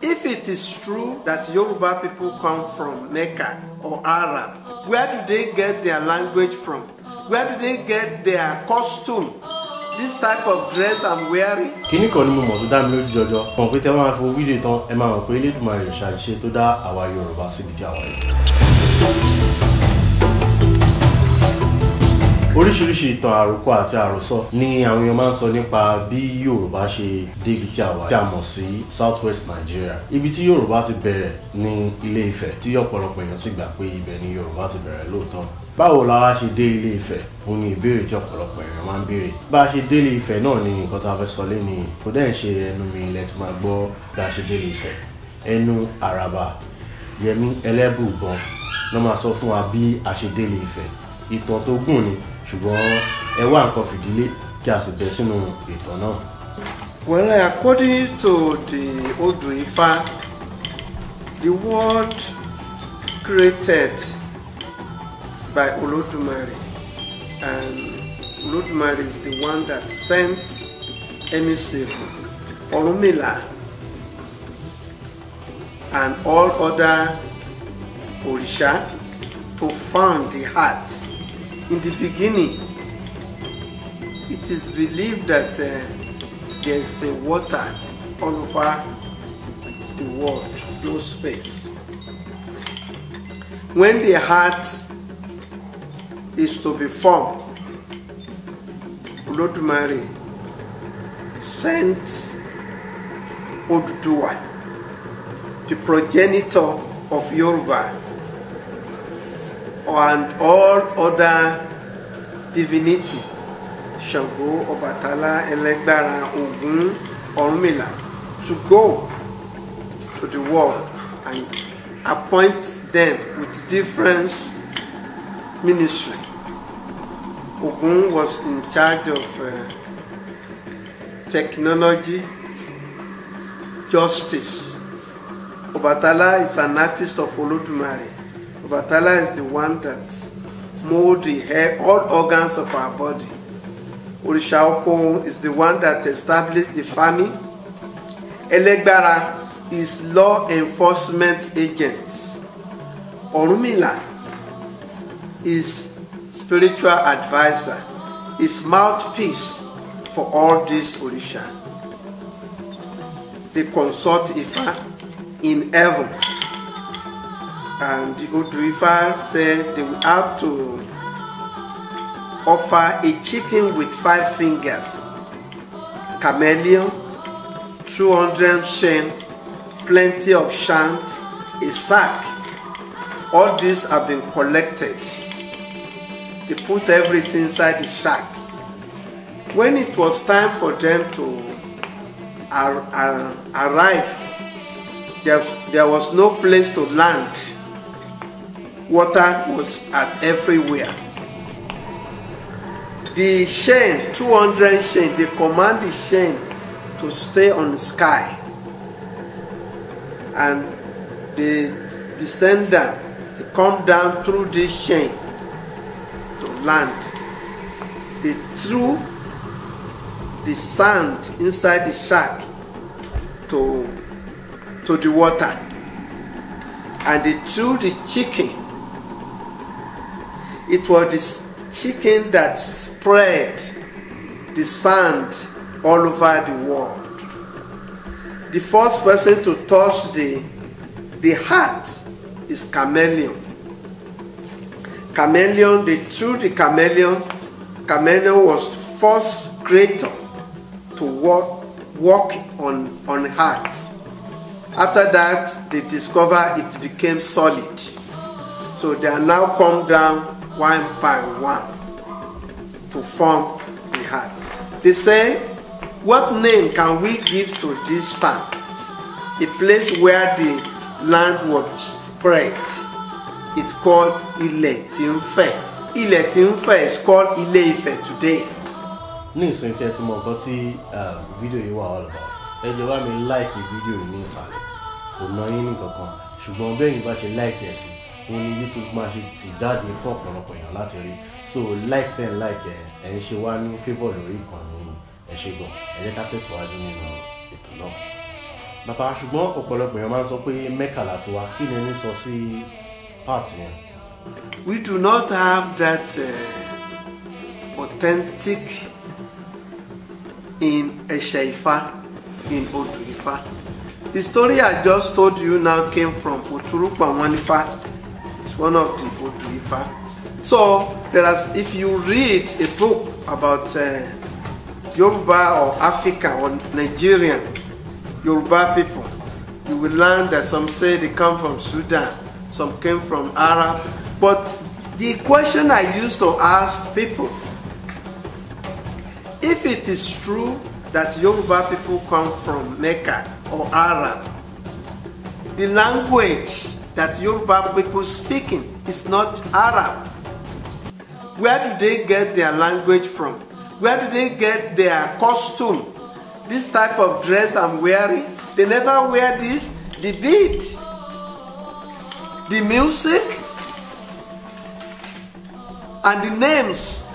If it is true that Yoruba people come from Mecca or Arab, where do they get their language from? Where do they get their costume? This type of dress I'm wearing. Kíní kan ni mo mọ̀ tó dá mi lójú jọjọ. Mọ̀ pé tẹ́ máa fi fídíò tán, ẹ máa mọ̀ pé Elédùmarè ṣàṣìṣe tó dá àwa Yorùbá síbi tí a yìí oríṣiríṣi ìtàn àròkọ àti àròsọ ni àwọn èèyàn máa ń sọ nípa bí yorùbá ṣe débi tí a wà tí sí south west nigeria ibi tí yorùbá ti bẹ̀rẹ̀ ní ilé ifẹ̀ tí ọ̀pọ̀lọpọ̀ èèyàn sì gbà pé ibẹ̀ ni yorùbá ti bẹ̀rẹ̀ lóòótọ́ báwo la wá ṣe dé ilé ifẹ̀ ó ní ìbéèrè tí ọ̀pọ̀lọpọ̀ èèyàn máa ń béèrè bá a ṣe dé ilé ifẹ̀ náà ni nǹkan tá a fẹ́ sọ lé ní kò dẹ́n ṣe ẹnu mi ilẹ̀ tí máa gbọ́ bí a ṣe dé ilé ifẹ̀ ẹnu àràbà yẹmí ẹlẹ́bùbọn ló máa sọ fún wa bí a ṣe dé ilé ifẹ̀ ìtàn tó gùn ni ṣùgbọ́n ẹ wá nǹkan fìdílé kí a sì bẹ sínú ìtàn náà. Well, according to the Odù Ifá, the world created by Olódùmarè and Olódùmarè is the one that sent emissary Ọ̀rúnmìlà and all other òrìṣà to found the earth. in the beginning, it is believed that uh, there is uh, water all over the world, no space. When the heart is to be formed, Lord Mary sent Oduduwa, the progenitor of Yoruba, and all other divinity shall go. Obatala, Ẹlẹ́gbára Ògún Ọ̀rúnmìlà to go to the world and appoint them with different ministry. Ogun was in charge of uh, technology, justice. Obatala is an artist of Olodumare. Obatala is the one that molds the hair, all organs of our body. Orishaokon is the one that established the family. Elegbara is law enforcement agent. Orumila is spiritual advisor, is mouthpiece for all these Orisha. They consult Ifa in heaven and the old river said they would have to offer a chicken with five fingers chameleon 200 shen plenty of shant a sack all these have been collected they put everything inside the sack when it was time for them to ar- ar- arrive there, there was no place to land water was at everywhere. The chain, 200 chain, they command the chain to stay on the sky. And they descend they come down through this chain to land. They threw the sand inside the shark to, to the water. And they threw the chicken it was the chicken that spread the sand all over the world. The first person to touch the, the heart is chameleon. Chameleon, they threw the chameleon. Chameleon was first creator to walk, walk on, on heart. After that, they discover it became solid. So they are now come down one by one to form the heart. They say, What name can we give to this town? A place where the land was spread. It's called Iletinfe. Iletinfe is called Ileife today. Ní ìsìn tí ẹ ti mọ nǹkan tí fídíò um, yìí wà all about, ẹ jẹ́ wá mi láìkì fídíò yìí ní ìsàlẹ̀. Kò ná yín ní kankan, ṣùgbọ́n bẹ́ẹ̀ yìí bá ṣe láìkì ẹ̀ sí òun ni youtube máa ṣe tì jáde fún ọ̀pọ̀lọpọ̀ èèyàn láti rí so like ten like ẹ ń ṣe wá ní favour lórí ìkànnì ẹ ṣe gan ẹ jẹ́ ká tẹ̀síwájú nínú ètò náà bàbá ṣùgbọ́n ọ̀pọ̀lọpọ̀ èèyàn máa ń sọ pé mẹ́kà láti wá kí ni ẹni sọ sí part yẹn. we do not have that uh, authentic in ẹ̀ṣẹ̀ ifá in odù ifá the story i just told you now came from oturukpa wanifa one of the good Ifa. So there are, if you read a book about uh, Yoruba or Africa or Nigerian Yoruba people, you will learn that some say they come from Sudan, some came from Arab. But the question I used to ask people, if it is true that Yoruba people come from Mecca or Arab, the language that Yoruba people speaking. is not Arab. Where do they get their language from? Where do they get their costume? This type of dress I'm wearing, they never wear this. The beat, the music, and the names.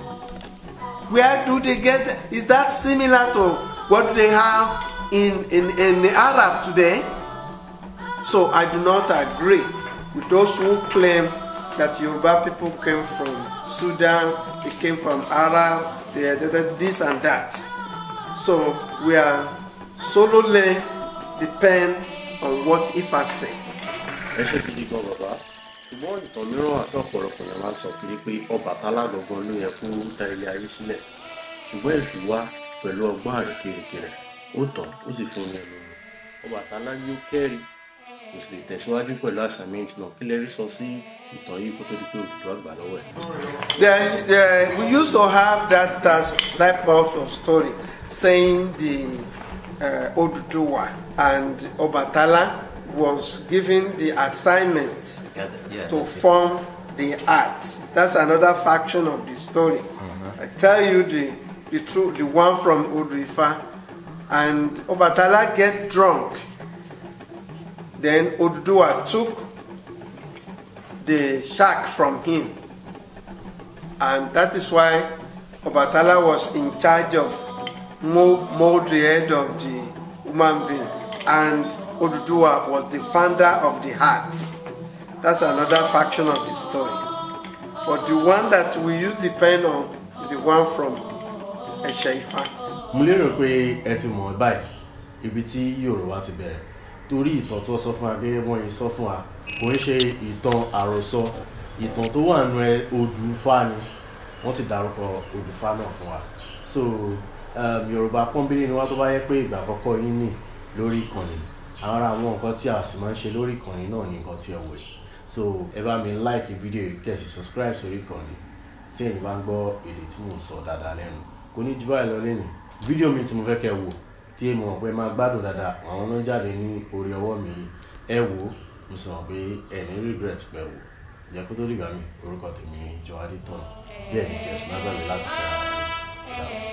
Where do they get? Is that similar to what they have in, in, in the Arab today? So I do not agree with those who claim that Yoruba people came from Sudan, they came from Arab, they, they, they, this and that. So we are solely depend on what Ifa say. there, we used to have that, that part of story saying the uh, Oduduwa and Obatala was given the assignment yeah, yeah, to form it. the art. That's another faction of the story. Mm-hmm. I tell you the the true the one from Oduifa, and Obatala get drunk. Then Oduduwa took the shark from him and that is why Obatala was in charge of mold the head of the human being and Oduduwa was the founder of the heart. That's another faction of the story. But the one that we use the pen on is the one from Ẹ̀ṣẹ̀ Ifá. Mo lérò pé ẹ ti mọ̀ báyìí ibi tí Yorùbá ti bẹ̀rẹ̀ torí ìtàn tó sọ fún wa gẹ́gẹ́ bọ́n yìí sọ fún wa kò ń ṣe ìtàn àròsọ ìtàn tó wà nù ẹ odùfà ni wọ́n sì dárúkọ odùfà náà fún wa so um, yorùbá pọ́nbélé ni wá tó bá yẹ pé ìgbà àkọ́kọ́ yín nì lórí ìkànnì ara àwọn nǹkan tí a sì máa ń ṣe lórí ìkànnì náà ní nǹkan tí ẹ wò so ẹ bá mi like fídíò yìí kẹ́ subscribe sórí ìkànnì tí ẹ̀yin bá ń gbọ́ èdè tí mò ń sọ dáadáa lẹ́nu kò ní jù báyìí lọ lẹ́nu fídíò mi tí mo fẹ́ kẹ́ wò tí èmi mọ̀ pé máa gbádùn dáadáa àwọn ló ń jáde ní orí ọwọ́ mi ẹ wò mo sì mọ̀ pé ẹ̀ ní regret pẹ̀ wò ìjẹ́kútó dìgbà mi orúkọ tèmi ni Joe Adétọ̀nà bẹ́ẹ̀ ni jẹ̀sùn lágbàgbé láti fẹ́ràn ìdáwọ̀.